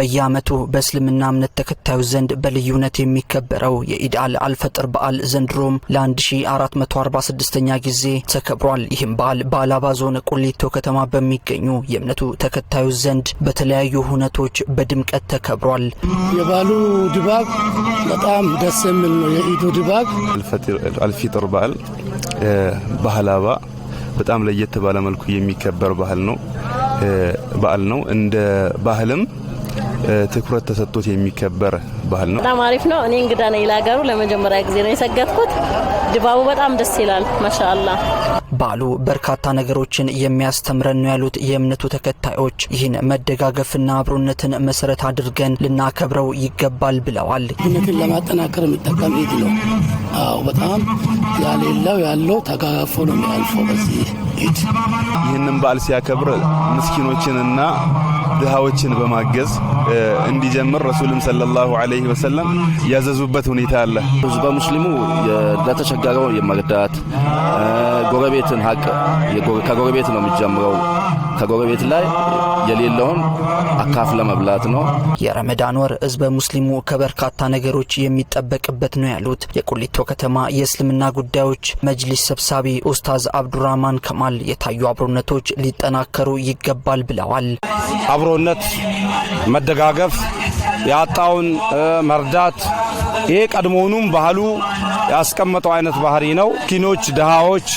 በየዓመቱ በእስልምና እምነት ተከታዮች ዘንድ በልዩነት የሚከበረው የኢድ አል አልፈጥር በዓል ዘንድሮም ለ1446ኛ ጊዜ ተከብሯል። ይህም በዓል በአላባ ዞን ቁሊቶ ከተማ በሚገኙ የእምነቱ ተከታዩ ዘንድ በተለያዩ ሁነቶች በድምቀት ተከብሯል። የበዓሉ ድባብ በጣም ደስ የሚል ነው። የኢዱ ድባብ አልፊጥር በዓል ባህላባ በጣም ለየት ባለ መልኩ የሚከበር ባህል ነው በዓል ነው እንደ ባህልም ትኩረት ተሰጥቶት የሚከበር ባህል ነው። በጣም አሪፍ ነው። እኔ እንግዳ ነኝ ለሀገሩ፣ ለመጀመሪያ ጊዜ ነው የሰገድኩት። ድባቡ በጣም ደስ ይላል። ማሻአላህ ባሉ በርካታ ነገሮችን የሚያስተምረን ነው ያሉት የእምነቱ ተከታዮች ይህን መደጋገፍና አብሮነትን መሰረት አድርገን ልናከብረው ይገባል ብለዋል። እምነትን ለማጠናከር የሚጠቀም ኢድ ነው። አዎ በጣም ያሌለው ያለው ተጋጋፎ ነው የሚያልፈው በዚህ ኢድ። ይህንን በዓል ሲያከብር ምስኪኖችንና ድሃዎችን በማገዝ እንዲጀምር ረሱልም ሰለላሁ ዐለይሂ ወሰለም ያዘዙበት ሁኔታ አለ። ህዝበ ሙስሊሙ ለተቸገረው የመርዳት ጎረቤ የጎረቤትን ሀቅ ከጎረቤት ነው የሚጀምረው። ከጎረቤት ላይ የሌለውን አካፍ ለመብላት ነው። የረመዳን ወር ህዝበ ሙስሊሙ ከበርካታ ነገሮች የሚጠበቅበት ነው ያሉት የቁሊቶ ከተማ የእስልምና ጉዳዮች መጅሊስ ሰብሳቢ ኡስታዝ አብዱራህማን ከማል የታዩ አብሮነቶች ሊጠናከሩ ይገባል ብለዋል። አብሮነት፣ መደጋገፍ፣ ያጣውን መርዳት ይሄ ቀድሞውኑም ባህሉ ያስቀመጠው አይነት ባህሪ ነው። ኪኖች፣ ድሃዎች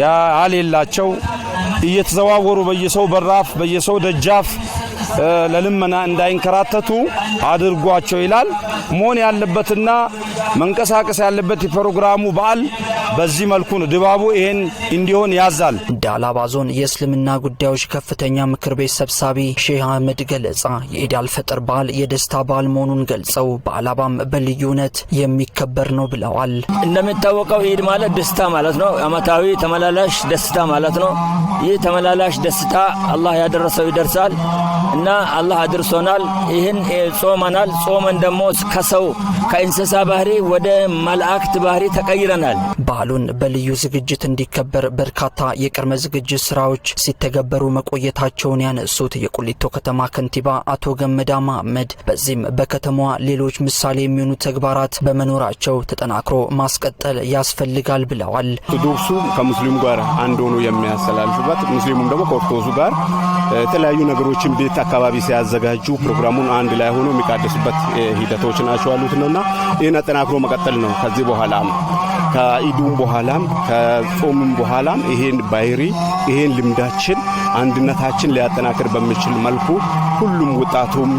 ያሌላቸው እየተዘዋወሩ በየሰው በራፍ በየሰው ደጃፍ ለልመና እንዳይንከራተቱ አድርጓቸው ይላል። መሆን ያለበትና መንቀሳቀስ ያለበት የፕሮግራሙ በዓል በዚህ መልኩ ነው። ድባቡ ይሄን እንዲሆን ያዛል። ዳላባ ዞን የእስልምና ጉዳዮች ከፍተኛ ምክር ቤት ሰብሳቢ ሼህ አህመድ ገለጻ የኢድ አልፈጥር በዓል የደስታ በዓል መሆኑን ገልጸው በአላባም በልዩ የሚከበር ነው ብለዋል። እንደሚታወቀው ኢድ ማለት ደስታ ማለት ነው። አመታዊ ተመላላሽ ደስታ ማለት ነው። ይህ ተመላላሽ ደስታ አላህ ያደረሰው ይደርሳል። እና አላህ አድርሶናል። ይህን ጾመናል። ጾመን ደግሞ ከሰው ከእንስሳ ባህሪ ወደ መላእክት ባህሪ ተቀይረናል። በዓሉን በልዩ ዝግጅት እንዲከበር በርካታ የቅድመ ዝግጅት ስራዎች ሲተገበሩ መቆየታቸውን ያነሱት የቁሊቶ ከተማ ከንቲባ አቶ ገመዳ መሐመድ በዚህም በከተማዋ ሌሎች ምሳሌ የሚሆኑ ተግባራት በመኖራቸው ተጠናክሮ ማስቀጠል ያስፈልጋል ብለዋል። ኦርቶዶክሱ ከሙስሊሙ ጋር አንድ ሆኖ የሚያስተላልፍበት ሙስሊሙም ደግሞ ከኦርቶዶክሱ ጋር የተለያዩ ነገሮችን ቤት አካባቢ ሲያዘጋጁ ፕሮግራሙን አንድ ላይ ሆኖ የሚቃደሱበት ሂደቶች ናቸው ነውና ይህን አጠናክሮ መቀጠል ነው ከዚህ በኋላ ከኢዱም በኋላም ከጾምም በኋላም ይሄን ባይሪ ይሄን ልምዳችን አንድነታችን ሊያጠናክር በሚችል መልኩ ሁሉም ወጣቱም፣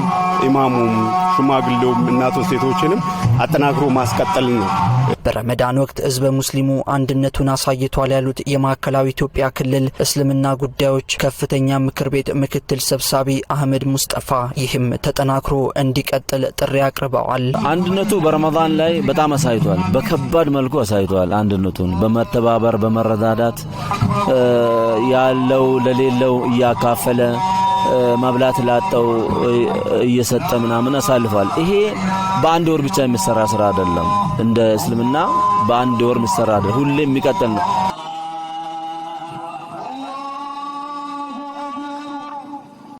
ኢማሙም፣ ሽማግሌውም፣ እናቶ ሴቶችንም አጠናክሮ ማስቀጠል ነው። በረመዳን ወቅት ህዝበ ሙስሊሙ አንድነቱን አሳይቷል ያሉት የማዕከላዊ ኢትዮጵያ ክልል እስልምና ጉዳዮች ከፍተኛ ምክር ቤት ምክትል ሰብሳቢ አህመድ ሙስጠፋ ይህም ተጠናክሮ እንዲቀጥል ጥሪ አቅርበዋል። አንድነቱ በረመዳን ላይ በጣም አሳይቷል፣ በከባድ መልኩ አሳይቷል። አንድነቱን በመተባበር በመረዳዳት ያለው ለሌለው እያካፈለ መብላት ላጠው እየሰጠ ምናምን አሳልፏል። ይሄ በአንድ ወር ብቻ የሚሰራ ስራ አይደለም። እንደ እስልምና በአንድ ወር የሚሰራ አይደለም። ሁሌ የሚቀጥል ነው።